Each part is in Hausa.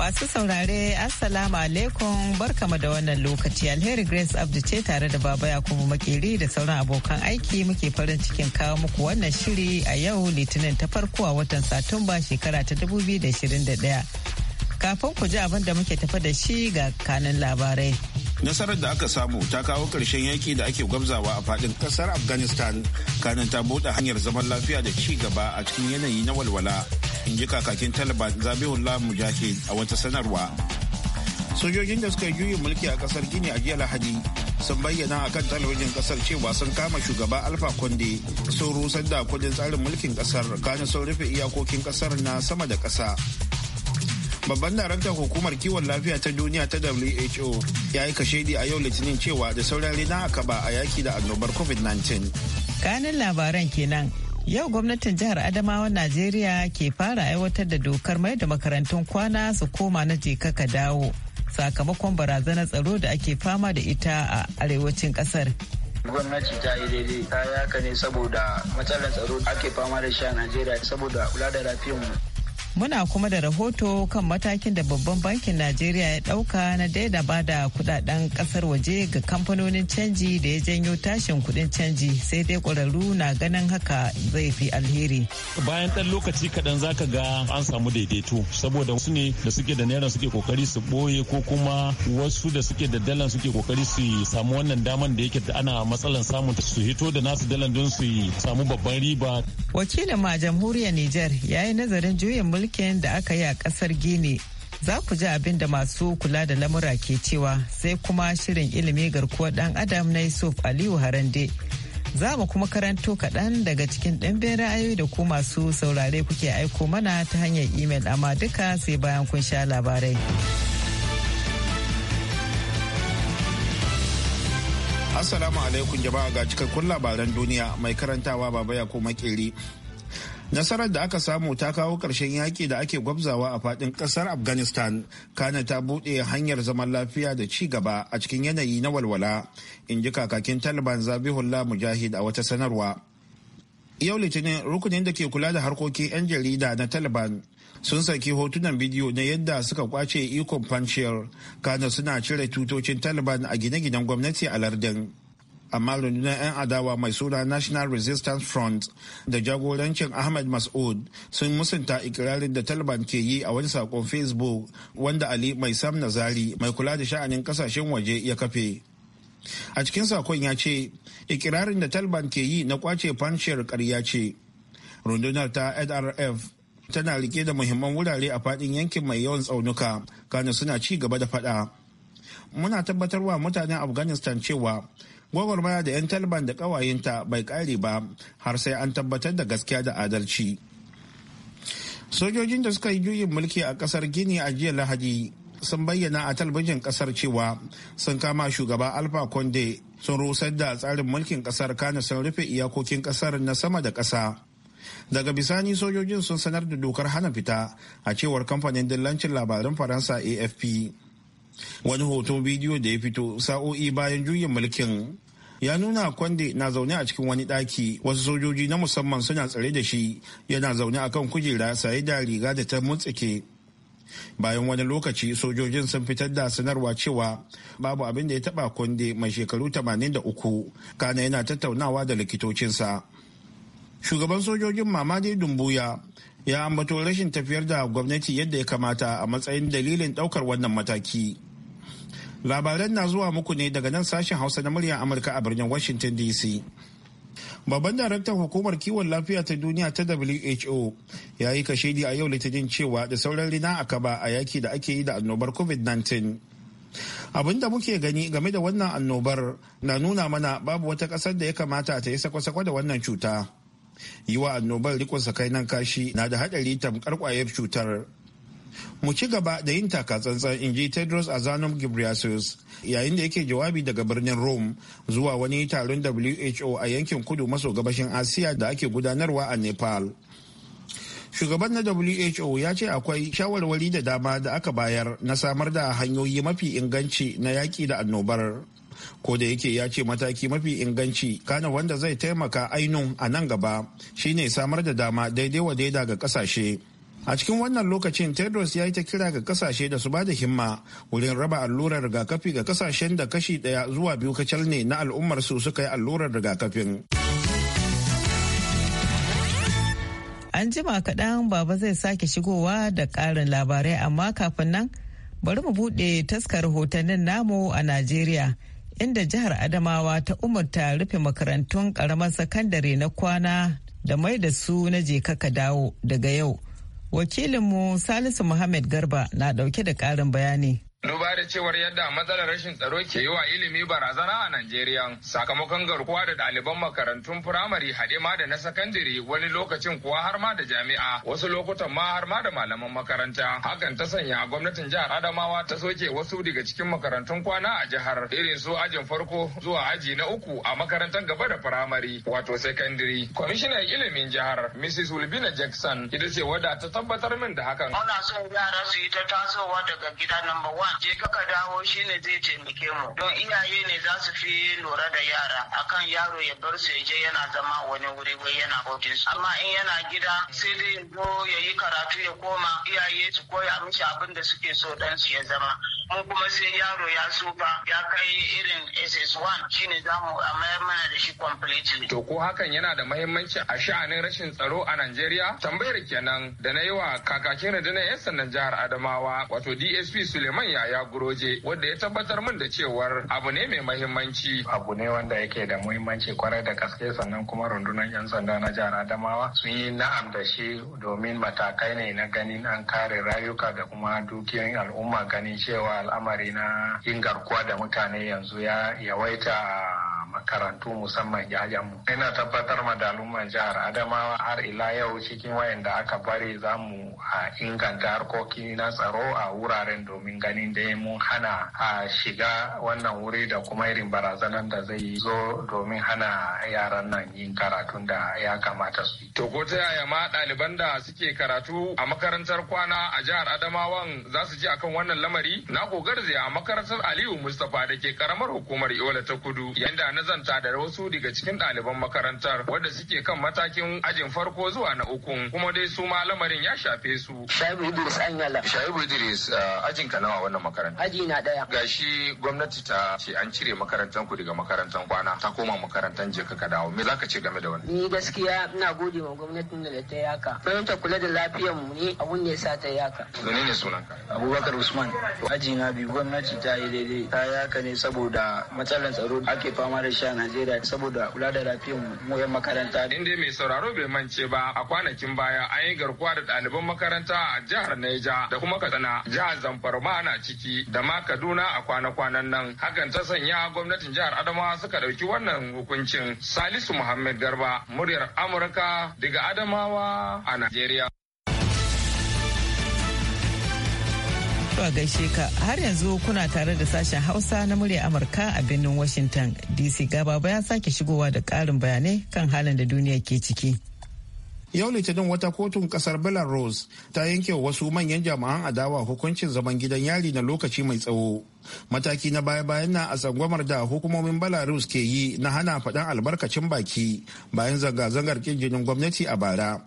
Masu saurare Assalamu alaikum barkama da wannan lokaci alheri Grace Abdu ce tare da baba kuma Makeri da sauran abokan aiki muke farin cikin kawo muku wannan shiri a yau litinin ta farko a watan Satumba shekara ta 2021. Kafin ku ji abin da muke tafa da shi ga kanin labarai. Nasarar da aka samu ta kawo ƙarshen yaki da ake gwamzawa a faɗin ƙasar Afghanistan kanin ta buɗe hanyar zaman lafiya da ci gaba a cikin yanayi na walwala. in ji kakakin taliban zabihullah mujahid a wata sanarwa sojojin da suka yi juyin mulki a kasar gini a jiya lahadi sun bayyana a kan talabijin kasar cewa sun kama shugaba alfa konde sun rusar da kudin tsarin mulkin kasar kana sun rufe iyakokin kasar na sama da kasa babban darakta hukumar kiwon lafiya ta duniya ta who ya yi kashedi a yau litinin cewa da sauran rina akaba a yaki da annobar covid-19 kanin labaran kenan Yau gwamnatin jihar Adamawa Najeriya ke fara aiwatar da dokar mai da makarantun kwana su koma na jeka ka dawo sakamakon barazanar tsaro da ake fama da ita a arewacin kasar. gwamnati ta yi daidai ta yaka ne saboda matsalar tsaro ake fama da shi a najeriya saboda kula da lafiyar mu. Muna kuma da rahoto kan matakin da babban bankin Najeriya ya ɗauka na daida ba da kudaden kasar waje ga kamfanonin canji da ya janyo tashin kuɗin canji sai dai ƙwararru na ganin haka zai fi alheri. Bayan ɗan lokaci kaɗan za ka ga an samu daidaito saboda wasu ne da suke da naira suke kokari su ɓoye ko kuma wasu da suke da dalan suke kokari su samu wannan daman da yake da ana matsalan samun su hito da nasu dalan don su samu babban riba. Wakilin ma jamhuriyar Nijar ya yi nazarin juyin mulki binciken da aka yi a kasar gini za ku ji abin da masu kula da lamura ke cewa sai kuma shirin ilimi garkuwar dan adam na yusuf aliyu harande za mu kuma karanto kaɗan daga cikin ɗanben ra'ayoyi da ku masu saurare kuke aiko mana ta hanyar imel amma duka sai bayan kun sha labarai assalamu alaikum jama'a ga cikakkun labaran duniya mai karantawa baba ya ko makeri nasarar da aka samu ta kawo ƙarshen yaƙi da ake gwabzawa a faɗin ƙasar afghanistan kana ta buɗe hanyar zaman lafiya da ci gaba a cikin yanayi na walwala in ji kakakin taliban zabihullah mujahid a wata sanarwa yau litinin rukunin da ke kula da harkokin 'yan jarida na taliban sun saki hotunan bidiyo na yadda suka kwace ikon fanciyar kana suna cire tutocin taliban a gine-ginen gwamnati a lardin amma rundunar 'yan adawa mai suna national resistance front da jagorancin Ahmed mas'ud sun musunta ikirarin da taliban ke yi a wani sakon facebook wanda ali mai sam nazari mai kula da sha'anin kasashen waje ya kafe a cikin sakon ya ce ikirarin da taliban ke yi na kwace fanshiyar karya ce rundunar ta nrf tana rike da muhimman wurare a fadin yankin mai yawan tsaunuka kana suna ci gaba da faɗa muna tabbatarwa mutanen afghanistan cewa gwagwarmaya da 'yan talban da ƙawayenta bai kare ba har sai an tabbatar da gaskiya da adalci sojojin da suka yi juyin mulki a kasar gini a jiya lahadi sun bayyana a talbijin kasar cewa sun kama shugaba alfa conde sun rusar da tsarin mulkin kasar kana sun rufe iyakokin kasar na sama da kasa daga bisani sojojin sun sanar da dokar hana fita a cewar kamfanin dillancin labaran faransa afp wani hoton bidiyo da ya fito sa'o'i bayan juyin mulkin ya nuna kwande na zaune a cikin wani ɗaki wasu sojoji na musamman suna tsare da shi yana zaune a kan kujera saye da riga da ta mutsike bayan wani lokaci sojojin sun fitar da sanarwa cewa babu abin da ya taba kwande mai shekaru 83 kana yana tattaunawa da likitocinsa shugaban sojojin mamadi dumbuya ya ambato rashin tafiyar da gwamnati yadda ya kamata a matsayin dalilin daukar wannan mataki labaran na zuwa muku ne daga nan sashen hausa na muryar amurka a birnin washington dc babban daraktan hukumar kiwon lafiya ta duniya ta who ya yi kashedi a yau litinin cewa da sauran rina a kaba a yaki da ake yi da annobar covid-19 abin da muke gani game da wannan annobar na nuna mana babu wata kasar da ya kamata ta yi sako-sako da wannan cuta yi wa annobar rikon sakai nan kashi na da haɗari tamkar kwayar cutar mu ci gaba da yin takatsantsan in ji tedros azanom gibriasus yayin da yake jawabi daga birnin rome zuwa wani taron who a yankin kudu maso gabashin asiya da ake gudanarwa a nepal shugaban na who ya ce akwai shawarwari da dama da aka bayar na samar da hanyoyi mafi inganci na yaƙi da annobar ko da yake ya ce mataki mafi inganci kana wanda zai taimaka ainun a nan gaba shine samar da dama daidai wa daida ga kasashe a cikin wannan lokacin tedros ya yi ta kira ga kasashe da su ba da himma wurin raba allurar rigakafi ga kasashen da kashi daya zuwa biyu kacal ne na al'ummar su suka yi allurar rigakafin an jima kaɗan baba zai sake shigowa da ƙarin labarai amma kafin nan bari mu buɗe taskar hotonnin namu a najeriya inda jihar adamawa ta umarta rufe makarantun ƙaramar sakandare na kwana da mai da su na je kaka dawo daga yau Wakilinmu Salisu Muhammad Garba na dauke da karin bayani. Duba da cewar yadda matsalar rashin tsaro ke yi wa ilimi barazana a Najeriya sakamakon garkuwa da ɗaliban makarantun firamare haɗe ma da na sakandare wani lokacin kuwa har ma da jami'a wasu lokutan ma har ma da malaman makaranta. Hakan ta sanya gwamnatin jihar Adamawa ta soke wasu daga cikin makarantun kwana a jihar irin su ajin farko zuwa aji na uku a makarantar gaba da firamare wato sakandare. Kwamishinan ilimin jihar Mrs. Wilbina Jackson ita ce wadda ta tabbatar min da hakan. Muna son yara su yi ta tasowa daga gida namba je ka ka dawo shine zai taimake mu don iyaye ne za su fi lura da yara akan yaro ya bar su ya je yana zama wani wuri wai yana bautin su amma in yana gida sai zai zo ya yi karatu ya koma iyaye su koya mishi abin da suke so dan su ya zama ko kuma sai yaro ya tsufa ya kai irin ss1 shine za mu mayar mana da shi completely to ko hakan yana da mahimmanci a sha'anin rashin tsaro a najeriya tambayar kenan da na yi wa kakakin rundunar 'yan sandan jihar adamawa wato dsp suleiman yaya guroje wanda ya tabbatar min da cewar abu ne mai mahimmanci abu ne wanda yake da muhimmanci kwarai da gaske sannan kuma rundunar 'yan sanda na jihar adamawa sun yi na'am da shi domin matakai ne na ganin an kare rayuka da kuma dukiyoyin al'umma ganin cewa al'amari na yin garkuwa da mutane yanzu ya yawaita makarantu musamman yayanmu. Ina tabbatar ma da al'umman jihar Adamawa har ila yau cikin wayanda aka bari za mu inganta harkoki na tsaro a wuraren domin ganin da mun hana a shiga wannan wuri da kuma irin barazanar da zai yi zo domin hana yaran nan yin karatun da ya kamata su. To ko ta yaya ma ɗaliban da suke karatu a makarantar kwana a jihar Adamawa za su ji akan wannan lamari? Na ko garzaya a makarantar Aliyu Mustapha da ke karamar hukumar Yola ta Kudu yayin na nazanta da wasu daga cikin ɗaliban makarantar wadda suke kan matakin ajin farko zuwa na uku kuma dai su ma lamarin ya shafe su. Shaibu Idris Anyala. Shaibu Idris ajin ka nawa wannan makaranta. Aji na ɗaya. Gashi gwamnati ta ce an cire makarantar ku daga makarantar kwana ta koma makarantar je ka dawo me zaka ce game da wannan. Ni gaskiya ina gode ma gwamnatin da ta yaka. Gwamnatin kula da lafiyar mu ne abun ne sa ta yaka. Zane ne sunan ka. Abubakar Usman. Aji na biyu gwamnati ta yi daidai ta yaka ne saboda matsalar tsaro ake fama da da a Najeriya saboda kula da lafiyar muhimman makaranta. In dai mai sauraro bai mance ba a kwanakin baya an yi garkuwa da ɗaliban makaranta a jihar Neja da kuma Katsina jihar Zamfara ana ciki da ma Kaduna a kwana-kwanan nan. Hakan ta sanya gwamnatin jihar Adamawa suka ɗauki wannan hukuncin. Salisu Muhammad Garba muryar Amurka daga Adamawa a Najeriya. To gaishe ka har yanzu kuna tare da sashen Hausa na murya Amurka a birnin Washington DC gaba ya sake shigowa da karin bayanai kan halin da duniya ke ciki. Yau Litinin wata kotun kasar Belarus ta yanke wasu manyan jami'an adawa hukuncin zaman gidan yari na lokaci mai tsawo. Mataki na baya-bayan na a tsangwamar da hukumomin Belarus ke yi na hana faɗan albarkacin baki bayan zanga-zangar kin jinin gwamnati a bara.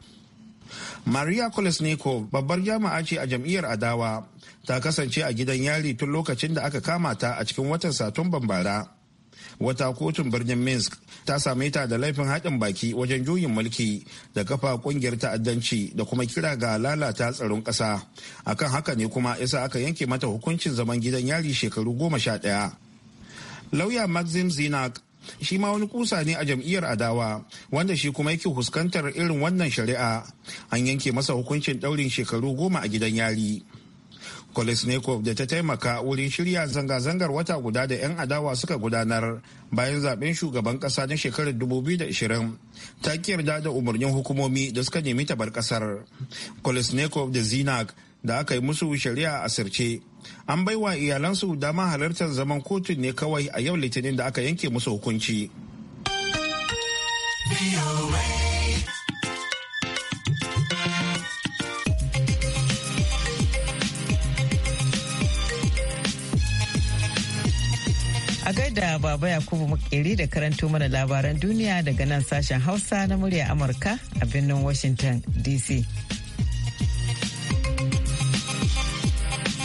Maria Kolesnikov babbar jama'a ce a jam'iyyar adawa ta kasance a gidan yari tun lokacin da aka kama ta a cikin watan satumban bara wata kotun birnin minsk ta same ta da laifin haɗin baki wajen juyin mulki da kafa ƙungiyar ta'addanci da kuma kira ga lalata tsaron ƙasa akan haka ne kuma yasa aka yanke mata hukuncin zaman gidan yari shekaru goma sha ɗaya lauya maxim zinak shi ma wani kusa ne a jam'iyyar adawa wanda shi kuma yake fuskantar irin wannan shari'a an yanke masa hukuncin ɗaurin shekaru goma a gidan yari kolesnikov da ta taimaka wurin shirya zanga-zangar wata guda da 'yan adawa suka gudanar bayan zaben shugaban kasa na shekarar 2020 ta yarda da umarnin hukumomi da suka nemi tabar kasar kolesnikov da zinak da aka yi musu shari'a a sirce an baiwa iyalansu dama halartar zaman kotun ne kawai a yau litinin da aka yanke musu hukunci. gaida Baba Yakubu Makeri da karanto mana labaran duniya daga nan sashen Hausa na murya Amurka a birnin Washington DC.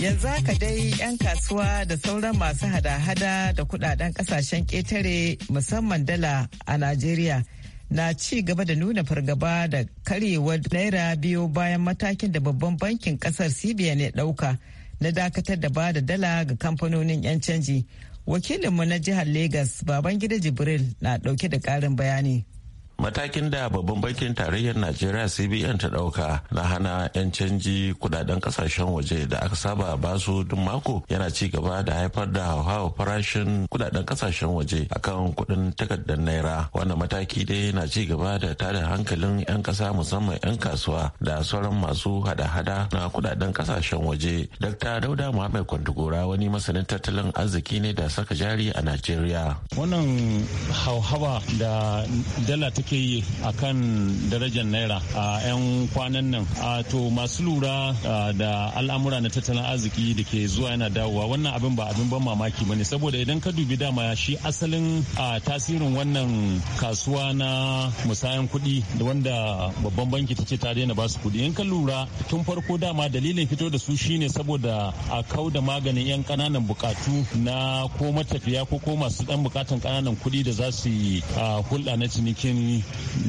Yanzu haka dai 'yan kasuwa da sauran masu hada-hada da kudaden kasashen ketare musamman dala a Najeriya na ci gaba da nuna fargaba da karyewar naira biyu bayan matakin da babban bankin kasar CBN ya dauka na dakatar da ba da dala ga kamfanonin 'yan canji. wakilinmu na jihar Legas Babangida Jibril na ɗauke da ƙarin bayani. matakin da babban bankin tarayyar najeriya cbn ta dauka na hana 'yan canji kudaden kasashen waje da aka saba ba su duk mako yana ci gaba da haifar da hauhawar farashin kudaden kasashen waje akan kudin takardar naira wannan mataki dai na ci gaba da tada hankalin 'yan kasa musamman 'yan kasuwa da sauran masu hada-hada na kudaden kasashen waje dr dauda muhammad Kwantugura wani masanin tattalin arziki ne da saka jari a najeriya wannan hauhawa da dala ake yi a kan darajar naira a 'yan kwanan nan a to masu lura da al'amura na tattalin arziki da ke zuwa yana dawowa wannan abin ba abin ban mamaki ba ne saboda idan ka dubi dama shi asalin tasirin wannan kasuwa na musayan kuɗi da wanda babban banki ta ce ta daina ba su kuɗi in ka lura tun farko dama dalilin fito da su shine saboda a kau da maganin 'yan kananan bukatu na ko matafiya ko ko masu dan bukatan kananan kuɗi da za su yi hulɗa na cinikin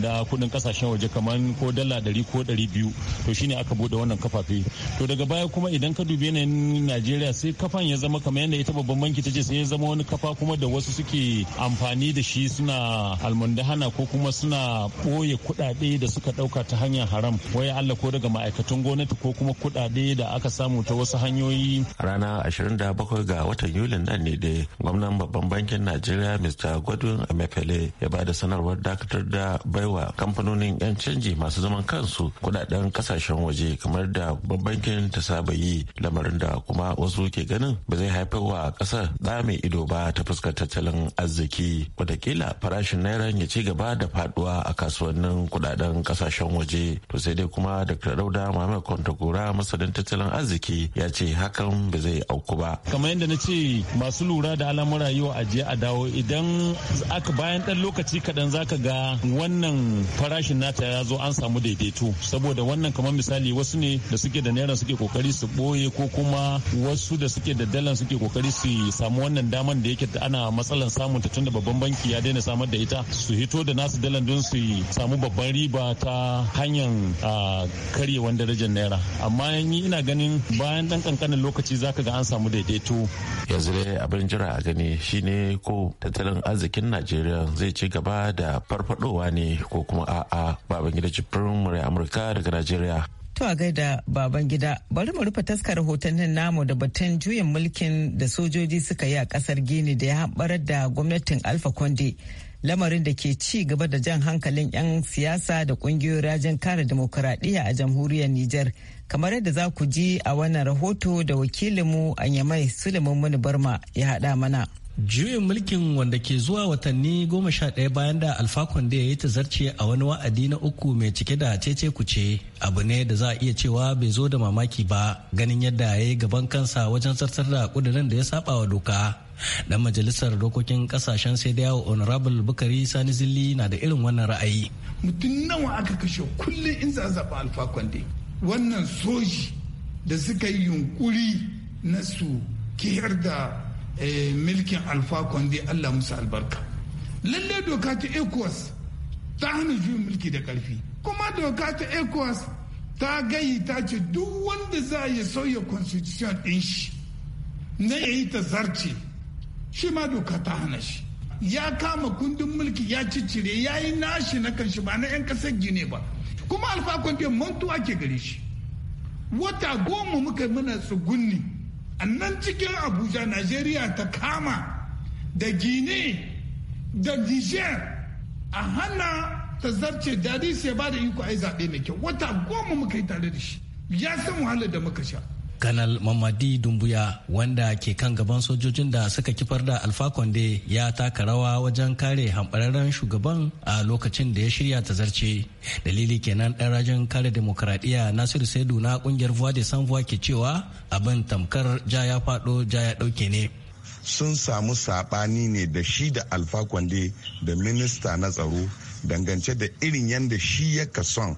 da kuɗin kasashen waje kamar ko dala ɗari ko ɗari biyu to shine aka bude wannan kafafe to daga baya kuma idan ka dubi yanayin najeriya sai kafan ya zama kamar yadda ita babban banki ta ce sai ya zama wani kafa kuma da wasu suke amfani da shi suna almundahana ko kuma suna ɓoye kuɗaɗe da suka ɗauka ta hanyar haram waya allah ko daga ma'aikatan gwamnati ko kuma kuɗaɗe da aka samu ta wasu hanyoyi rana 27 ga watan yulin nan ne da gwamnan babban bankin najeriya mr godwin amefele ya ba da sanarwar dakatar da da baiwa kamfanonin 'yan canji masu zaman kansu kudaden kasashen waje kamar da babbankin ta saba yi lamarin da kuma wasu ke ganin ba zai haifar wa kasar da mai ido ba ta fuskar tattalin arziki watakila farashin naira ya ci gaba da faduwa a kasuwannin kudaden kasashen waje to sai dai kuma dr dauda muhammad kwantagora masanin tattalin arziki ya ce hakan ba zai auku ba kamar yadda na ce masu lura da alamun rayuwa je a dawo idan aka bayan dan lokaci kaɗan zaka ga wannan farashin nata ya zo an samu daidaito saboda wannan kamar misali wasu ne da suke da naira suke kokari su boye ko kuma wasu da suke da dalan suke kokari su samu wannan daman da yake ana matsalan samun ta tunda babban banki ya daina samar da ita su hito da nasu dalan don su samu babban riba ta hanyar karyewan darajar naira amma yanyi ina ganin bayan dan kankanin lokaci zaka ga an samu daidaito yanzu dai abin jira a gani shine ko tattalin arzikin najeriya zai ci gaba da farfadowa faruwa ne ko kuma a'a baban gida jibrin murai amurka daga najeriya To a gaida baban gida bari mu rufe taskar rahotannin namu da batun juyin mulkin da sojoji suka yi a kasar gini da ya haɓarar da gwamnatin alfa konde lamarin da ke ci gaba da jan hankalin 'yan siyasa da kungiyoyin rajin kare demokuraɗiyya a jamhuriyar Nijar. Kamar yadda za ku ji a wannan rahoto da wakilinmu Anyamai Suleiman Muni Barma ya haɗa mana. Juyin mulkin wanda ke zuwa watanni goma sha ɗaya bayan da Alfa da ya yi zarce a wani wa'adi na uku mai cike da cece kuce abu ne da za a iya cewa bai zo da mamaki ba ganin yadda ya yi gaban kansa wajen zartar da kudirin da ya saba wa doka. Dan majalisar dokokin kasashen sai da yawo Honorable Bukari Sani Zilli na da irin wannan ra'ayi. Mutum nawa aka kashe kullum in za zaɓa Alfa Conde. Wannan soji da suka yi yunkuri na su kiyar da Eh, milkin alfa kwande allah musu albarka lalle doka ta ecowas ta hana juyin mulki da karfi kuma doka ta ecowas ta gayi ta ce duk wanda za ya sauya constitution ɗin shi na ya yi ta zarce shi ma doka ta hana shi ya kama kundin mulki ya ciccire ya yi nashi na kanshi ba na 'yan kasar gine ba kuma alfa kwande mantuwa ke gare shi wata goma muka muna tsugunni nan cikin abuja najeriya ta kama da gine da niger a hana ta zarce jari sai ba da iko yi zaɓe mai kyau wata goma muka yi tare da shi ya san wahalar da muka sha kanal mamadi dumbuya wanda ke kan gaban sojojin da suka kifar da alfa konde ya taka rawa wajen kare hambararren shugaban a lokacin da ya shirya ta zarce dalili kenan ɗan rajin kare demokradiyya nasiru saidu na ƙungiyar voix de sans ke cewa abin tamkar ja ya faɗo ja ya ɗauke ne sun samu saɓani ne da shi da alfa konde da minista na tsaro dangance da irin yadda shi ya son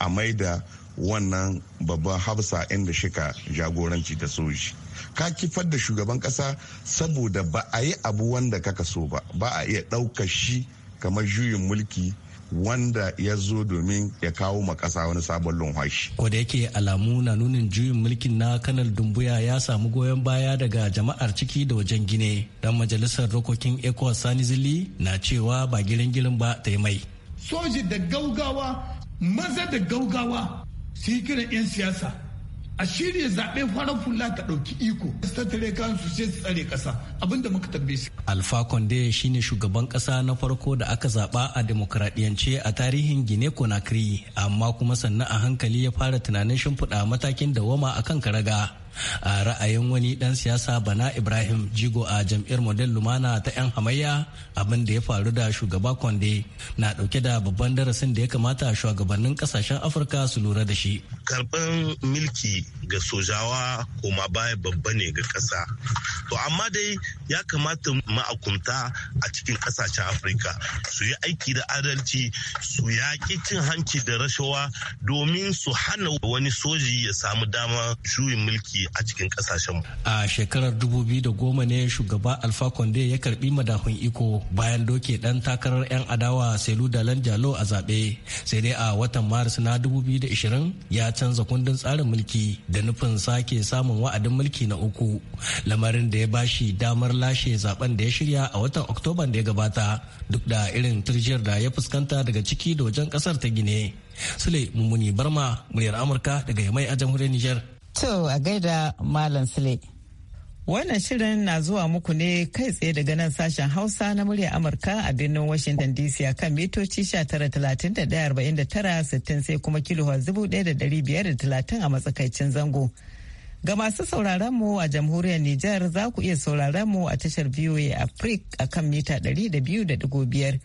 a maida wannan babban hafsa inda shika jagoranci ta soji ka kifar da shugaban kasa saboda ba a yi abu wanda kaka so ba ba a iya ɗaukar shi kamar juyin mulki wanda ya zo domin ya kawo ma ƙasa wani sabon lunwashi. Ko yake alamu na nunin juyin mulkin na kanal dumbuya ya samu goyon baya daga jama'ar ciki da wajen gine dan majalisar rokokin ecowas sani zili na cewa ba girin girin ba ta yi mai. soji da gaugawa maza da gaugawa su yi kiran 'yan siyasa a shirya zaɓe farar fulla ta ɗauki iko su tattare kansu sai su tsare ƙasa abinda muka tabbe su. alfa konde shine shugaban ƙasa na farko da aka zaɓa a demokradiyance a tarihin gine conakry amma kuma sannan a hankali ya fara tunanin shimfiɗa matakin dawama akan karaga a ra'ayin wani dan siyasa bana ibrahim jigo a jam'iyyar model lumana ta 'yan hamayya abin da ya faru da shugaba konde na dauke da babban darasin da ya kamata shugabannin kasashen afirka su lura da shi karban milki ga sojawa koma baya babba ne ga kasa to amma dai ya kamata ma'akunta a cikin kasashen afirka su yi aiki da adalci su yaƙi cin hanci da rashawa domin su hana wani soji ya samu damar juyin mulki a cikin kasashen a shekarar 2010 ne shugaba alfa konde ya karbi madahun iko bayan doke dan takarar yan adawa selu dalan jalo a zaɓe sai dai a watan maris na 2020 ya canza kundin tsarin mulki da nufin sake samun wa'adin mulki na uku lamarin da ya bashi damar lashe zaben da ya shirya a watan oktoban da ya gabata duk da irin turjiyar da ya fuskanta daga ciki da wajen kasar ta gine sule mummuni barma muryar amurka daga yamai a jamhuriyar nijar. To a gaida Malam Sule. Wannan shirin na zuwa muku ne kai tsaye daga nan sashen Hausa na murya Amurka a birnin Washington DC a kan mitoci 19,39,60 sai kuma kilo 1,530 a matsakaicin zango. Ga masu sauraron mu a jamhuriyar Nijar za ku iya sauraron mu a tashar VOA Africa a kan mita 200.5.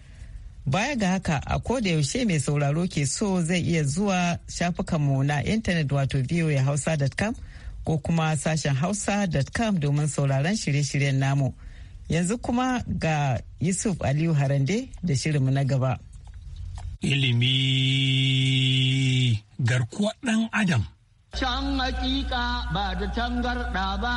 Baya ga haka a koda yaushe mai sauraro ke so zai iya zuwa shafukanmu na intanet wato voahausa.com ko kuma sashen hausa.com domin sauraron shirye-shiryen namu. Yanzu kuma ga Yusuf Aliyu Harande da shirinmu na gaba. Ilimi garkuwar dan Adam. Can hakika ba da tangarɗa ba,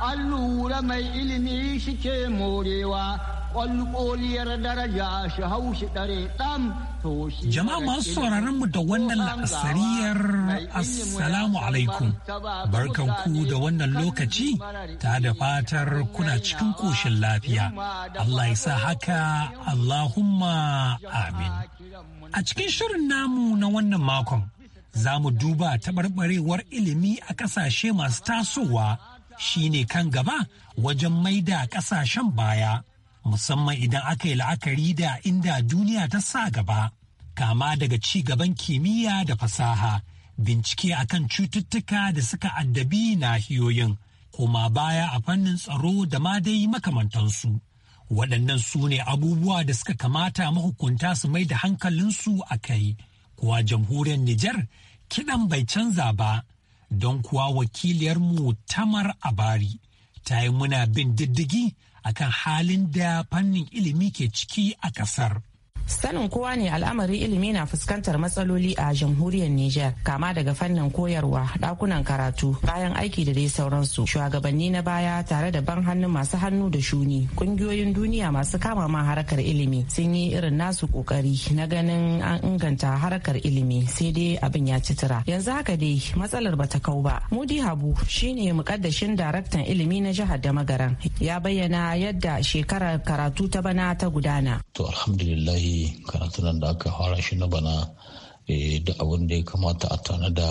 an lura mai ilimi shike morewa kwalkoliyar daraja shi hau shi dare dam to shi jama'a masu sauraron mu da wannan la'asariyar assalamu alaikum barkan ku da wannan lokaci ta da fatar kuna cikin koshin lafiya Allah ya sa haka Allahumma amin a cikin shirin namu na wannan makon za mu duba taɓarɓarewar ilimi a ƙasashe masu tasowa shine kan gaba wajen maida ƙasashen baya musamman idan aka yi la'akari da inda duniya ta sa gaba kama daga ci gaban kimiyya da fasaha bincike akan cututtuka da suka addabi nahiyoyin Kuma baya a fannin tsaro da ma dai makamantansu waɗannan su ne abubuwa da suka kamata mahukunta su mai da hankalinsu a kai kuwa jamhuriyar Nijar kiɗan bai canza ba don kuwa wakiliyarmu tamar abari ta yi muna bin diddigi akan halin da fannin ilimi ke ciki a ƙasar Sanin kowa ne al'amari ilimi na fuskantar matsaloli a jamhuriyar Nijar, kama daga fannin koyarwa, ɗakunan karatu, bayan aiki da dai sauransu. Shugabanni na baya tare da ban hannu masu hannu da shuni, kungiyoyin duniya masu kama ma harkar ilimi sun yi irin nasu kokari na ganin an inganta harkar ilimi sai dai abin ya ci tura. Yanzu haka dai matsalar bata kau ba. Mudi Habu shine mukaddashin daraktan ilimi na jihar Damagaran, ya bayyana yadda shekarar karatu ta bana ta gudana. To alhamdulillah shi nan da aka fara shi na bana eh, da abin da ya kamata a da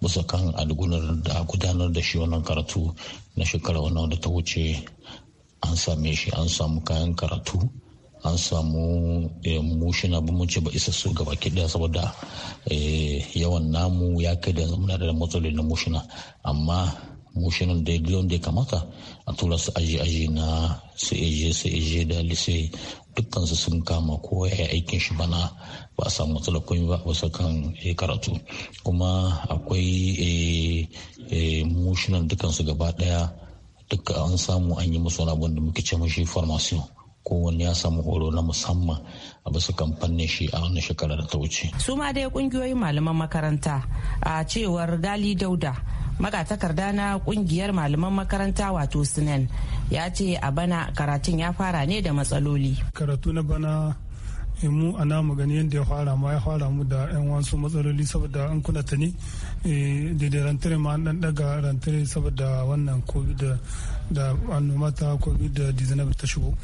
bisa kan algunar da gudanar da shi wannan karatu na shekara wannan da ta wuce an same shi an samu kayan karatu an samu eh, mushina ba mun ce ba isa su gaba kiɗa saboda eh, yawan namu ya kai da muna da matsaloli na mushina amma mushinan da ya da ya kamata a tura su aji aji na su eje su eje da lise dukkansu sun kama ko ya aikin shi bana ba a samu matsala ko ba wasu kan eh, karatu kuma akwai eh, eh, mushinan dukkansu gaba daya duka an samu an yi musu wani da muke ce mashi formation kowanne ya samu horo na musamman a bisa kamfanin shi a wannan shekarar da ta wuce. su ma dai kungiyoyin malaman makaranta a cewar gali dauda magatakarda na kungiyar malaman makaranta wato sinan ya ce a bana karatun ya fara ne da matsaloli karatu na bana eh, mu a namu gani yadda ya fara ma ya fara mu da yan wasu matsaloli saboda an kuna ta ne eh, da rantare ma an dan daga rantare saboda wannan covid da annoma ta covid-19 ta shigo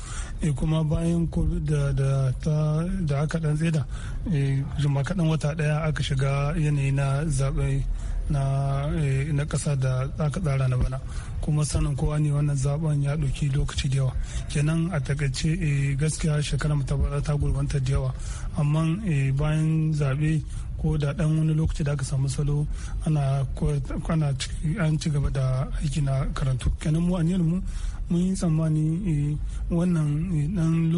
eh, kuma bayan covid da aka dan tseda zuma kaɗan wata ɗaya aka shiga yanayi na zaɓe Eh, na ƙasa da aka tsara na bana kuma sanin kowa ne wannan zaben ya ɗauki lokaci da yawa kenan a takaice eh, gaskiya shekara mu ta gurbanta da yawa amma eh, bayan zaɓe ko da ɗan wani lokaci da aka samu salo ana an ci gaba da aiki na karantu kenan mu aniyar mu mun yi tsammani wannan ɗan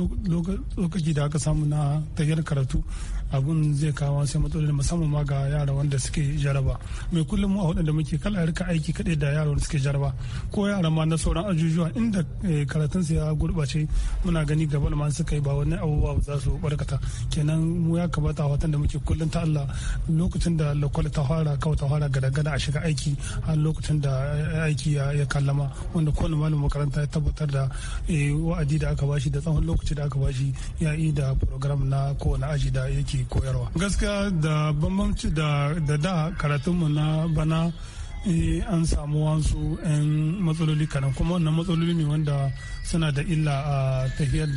lokaci da aka samu na tafiyar karatu abun zai kawo sai matsaloli musamman ma ga yara wanda suke jaraba mai kullum a hudun da muke kala rika aiki kaɗai da yaran suke jaraba ko yara ma na sauran ajujuwa inda eh, karatun su ya gurɓace muna gani gaba da masu kai ba wani abubuwa za su barkata kenan mu ya kamata watan da muke kullum ta Allah lokacin da lokal ta fara kawai ta fara gada-gada a shiga aiki har lokacin da eh, aiki ya kallama wanda kowane malamin makaranta ya tabbatar da eh, wa'adi da aka bashi da tsawon lokaci da aka bashi ya yi da program na kowane aji da yake koyarwa gaskiya da bambamci da da karatunmu na bana eh, an samu wasu 'yan matsaloli kanan kuma wannan matsaloli ne wanda suna da illa a tahiyar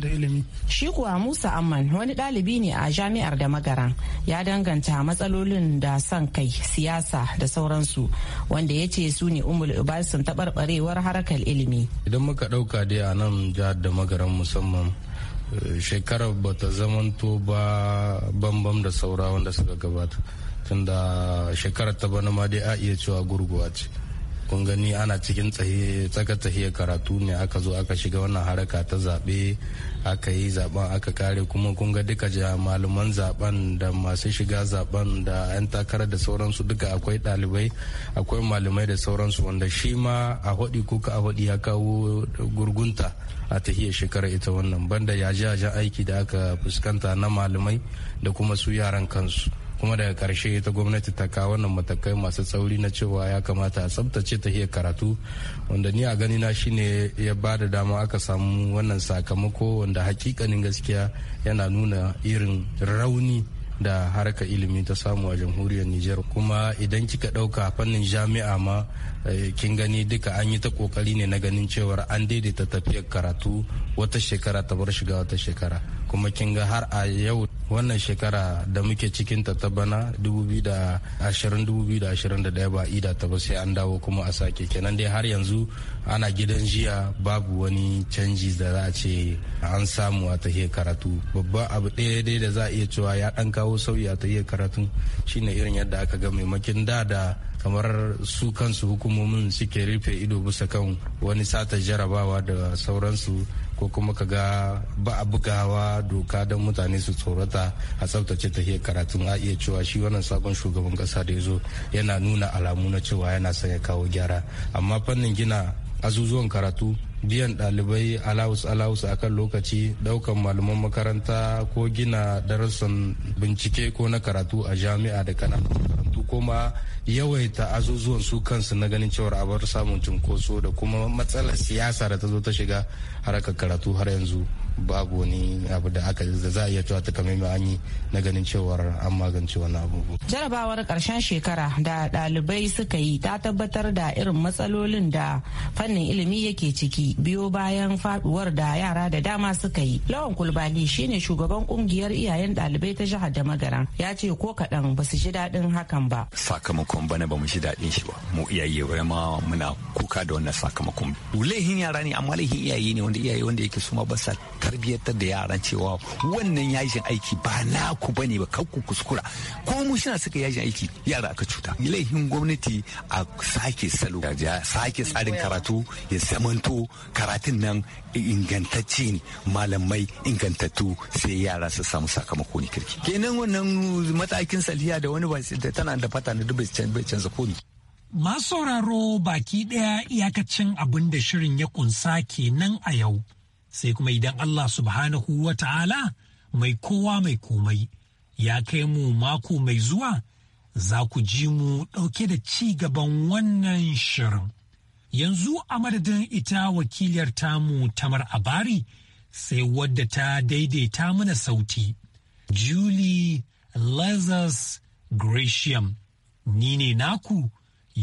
da ilimi. Shi kuwa Musa Amman wani ɗalibi ne a jami'ar da magaran ya danganta matsalolin da son kai siyasa da sauransu wanda ya ce su ne umul ibasun taɓarɓarewar harkar ilimi. Idan muka ɗauka dai a nan jihar da magaran musamman Eh, shekarar ba ta zamanto ba bambam da saura wanda suka gabata tunda shekarar ta bana ma dai a iya cewa gurguwa ce kun gani ana cikin tsaka tahiyar karatu ne aka zo aka shiga wannan haraka ta zaɓe aka yi zaɓen aka kare kuma kun ga duka malaman zaɓen da masu shiga zaɓen da 'yan takarar da sauransu duka akwai ɗalibai akwai malamai da sauransu wanda shi ma a haɗi kuka a haɗi ya kawo gurgunta a tahiyar shekarar ita wannan banda ya aiki da aka fuskanta na malamai da kuma su yaran kansu. kuma daga karshe ta gwamnati ta kawo wannan matakai masu tsauri na cewa ya kamata a tsabtace ta iya karatu wanda ni a gani na shine ya ba da dama aka samu wannan sakamako wanda hakikanin gaskiya yana nuna irin rauni da harka ilimi ta samu a jamhuriyar Nijar kuma idan kika ɗauka fannin jami'a ma Eh, kin gani duka an yi ta kokari ne na ganin cewar an daidaita tafiyar karatu wata shekara ta bar shiga wata shekara kuma kin ga har a yau wannan shekara da muke cikin ta ta bana 2020-2021 ba ida ta ba sai an dawo kuma a sake kenan dai har yanzu ana gidan jiya babu wani canji da za a ce an samu a tahiyar karatu babban abu ɗaya dai da za a iya cewa ya ɗan kawo sauyi a tahiyar karatu shine irin yadda aka ga maimakin da da kamar su kansu hukumar hukumomin suke rufe ido bisa kan wani sata jarabawa da sauransu ko kuma ka ga ba a bugawa doka don mutane su tsorata a tsabtace ta karatun a iya cewa shi wannan sabon shugaban kasa da ya zo yana nuna alamu na cewa yana son ya kawo gyara amma fannin gina azuzuwan karatu biyan ɗalibai alawus alawus a kan lokaci ɗaukan malaman makaranta ko gina darasin bincike ko na karatu a jami'a da karatu makarantu kuma yawaita azuzuwan su kansu na ganin cewar abar samun cunkoso da kuma matsalar siyasa da ta zo ta shiga harkar karatu har yanzu babu wani abu da aka da za a iya cewa takamaimai an yi na ganin cewar an magance wannan abu. jarabawar karshen shekara da ɗalibai suka yi ta tabbatar da irin matsalolin da fannin ilimi yake ciki biyo bayan faduwar da yara da dama suka yi lawan kulbali shine shugaban kungiyar iyayen ɗalibai ta jihar da magaran ya ce ko kaɗan ba su ji daɗin hakan ba sakamakon bana ba mu ji daɗin shi ba mu iyaye ma muna kuka da wannan sakamakon laihin yara ne amma lehin iyaye ne wanda iyaye wanda yake suma ba sa tarbiyyantar da yaran cewa wannan yajin aiki ba naku bane ba ku kuskura ko mu shi suka yajin aiki yara aka cuta laifin gwamnati a sake salo sake tsarin karatu ya zamanto karatun nan ingantacce ne malamai ingantattu sai yara su samu sakamako ne kirki kenan wannan matakin saliya da wani da tana da fata na dubai canza koni Masu sauraro baki ɗaya iyakacin abin da shirin ya kunsa kenan a yau sai kuma idan Allah subhanahu wa ta'ala mai kowa mai komai ya kai mu mako mai zuwa za ku ji mu ɗauke da ci gaban wannan shirin. Yanzu a madadin ita wakiliyar tamu tamar abari sai wadda ta daidaita mana sauti. Julie Lazarus Gresham ni ne naku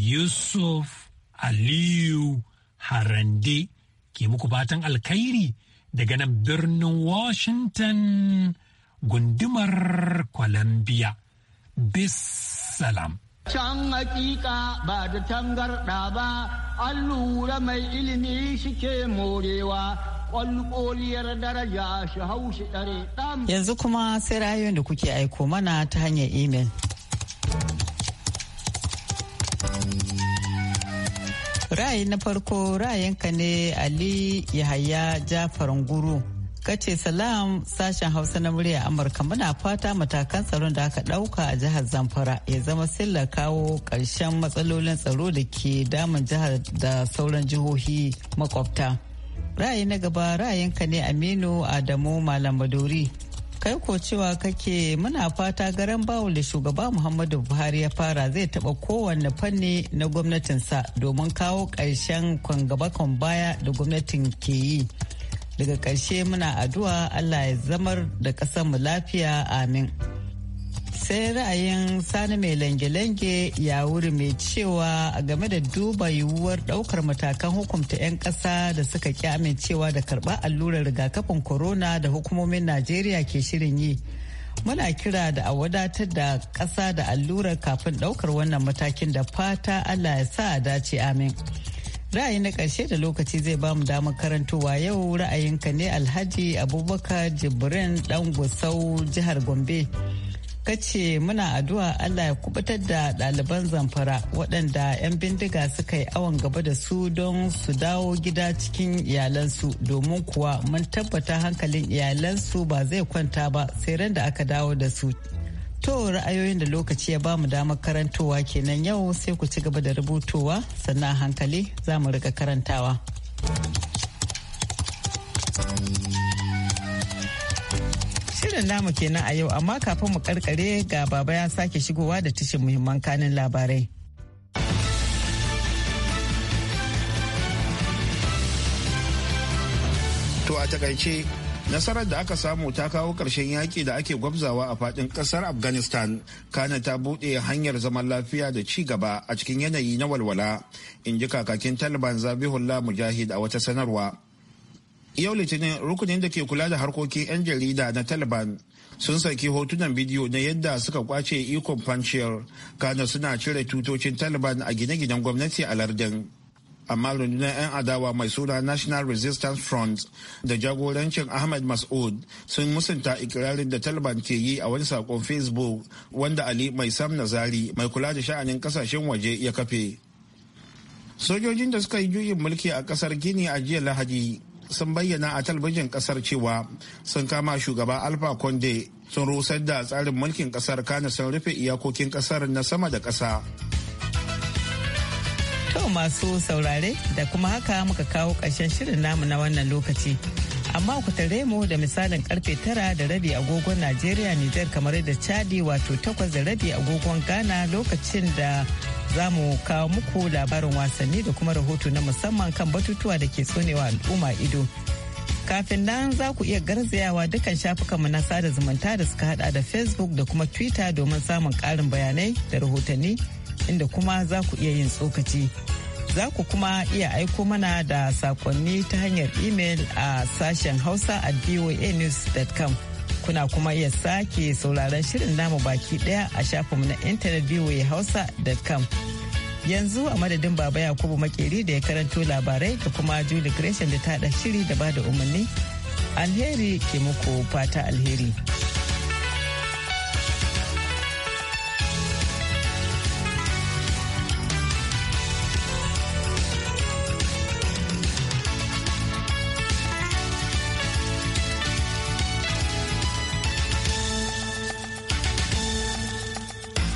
Yusuf Aliyu Harande ke muku batan alkhairi daga nan birnin Washington gundumar Columbia. bissalam Can hakika ba da tangarɗa ba, an lura mai ilimi shike morewa, ƙwalƙoliyar daraja shi haushi ɗare ɗan. Yanzu kuma sai rayuwar da kuke aiko mana ta hanyar imel. ra'ayi na farko ra'ayinka ne ali yahaya jafar nguru kace salam sashen hausa na murya amurka muna fata matakan tsaron da aka ɗauka a jihar zamfara ya zama silla kawo karshen matsalolin tsaro da ke damun jihar da sauran jihohi makwabta ra'ayi na gaba ra'ayinka ne aminu adamu malam maduri kai ko cewa kake muna fata garan bawul da shugaba muhammadu buhari ya fara zai taba kowanne fanni na gwamnatinsa domin kawo ƙarshen kwangaba baya da gwamnatin ke yi daga ƙarshe muna addu'a allah ya zamar da ƙasarmu lafiya amin sai ra'ayin sani mai lange-lange ya wuri mai cewa game da duba yiwuwar daukar matakan hukumta 'yan kasa da suka ki amincewa da karba allurar rigakafin corona da hukumomin najeriya ke shirin yi muna kira da a wadatar da kasa da allurar kafin daukar wannan matakin da fata allah ya sa a dace amin ra'ayi na ƙarshe da lokaci zai ba mu damar karantowa yau ra'ayinka ne alhaji abubakar jibrin dan gusau jihar gombe kace muna addu'a Allah ya kubutar da ɗaliban zamfara waɗanda 'yan bindiga suka yi awon gaba da su don su dawo gida cikin iyalansu domin kuwa mun tabbata hankalin iyalansu ba zai kwanta ba sai ran da aka dawo da su. To ra'ayoyin da lokaci ya ba mu damar karantowa kenan yau sai ku ci gaba da rubutowa sannan hankali za mu riga karantawa. Shirin namu kenan a yau amma kafin mu karkare ga baba ya sake shigowa da tashin muhimman kanin labarai. To a takaice nasarar da aka samu ta kawo ƙarshen yaƙi da ake gwabzawa a faɗin ƙasar afghanistan kana ta buɗe hanyar zaman lafiya da ci gaba a cikin yanayi na walwala in ji kakakin taliban zabihullah mujahid a wata sanarwa yau litinin rukunin da ke kula da harkokin 'yan jarida na taliban sun saki hotunan bidiyo na yadda suka kwace ikon fanciyar kana suna cire tutocin taliban a gine-ginen gwamnati a lardin amma rundunar 'yan adawa mai suna national resistance front da jagorancin ahmad mas'ud sun musanta ikirarin da taliban ke yi a wani sakon facebook wanda ali mai sam nazari mai kula da sha'anin kasashen waje ya kafe sojojin da suka yi juyin mulki a kasar gini a jiya lahadi sun bayyana a talbijin kasar cewa sun kama shugaba alfa conde sun rusar da tsarin mulkin kasar kana sun rufe iyakokin kasar na sama da kasa To masu saurare da kuma haka muka kawo ƙarshen shirin namu na wannan lokaci. amma ku tare mu da misalin karfe tara da rabi agogon najeriya nijar kamar da chadi wato takwas da rabi agogon ghana lokacin da za mu kawo muku labarin wasanni da kuma rahoto na musamman kan batutuwa da ke tsonewa al'umma ido kafin nan za ku iya garzayawa dukkan shafukanmu na sada zumunta da suka hada da facebook da kuma twitter domin samun karin bayanai da rahotanni inda kuma za ku iya yin tsokaci Za ku kuma iya aiko mana da sakonni ta hanyar imel a sashen Hausa a voanews.com. Kuna kuma iya sake sauraron shirin namu baki daya a shafinmu na intanet voahausa.com. Yanzu a madadin Baba Yakubu Makeri da ya karanto labarai da kuma Julie Gresham da ta shiri da bada umarni. Alheri ke muku fata alheri.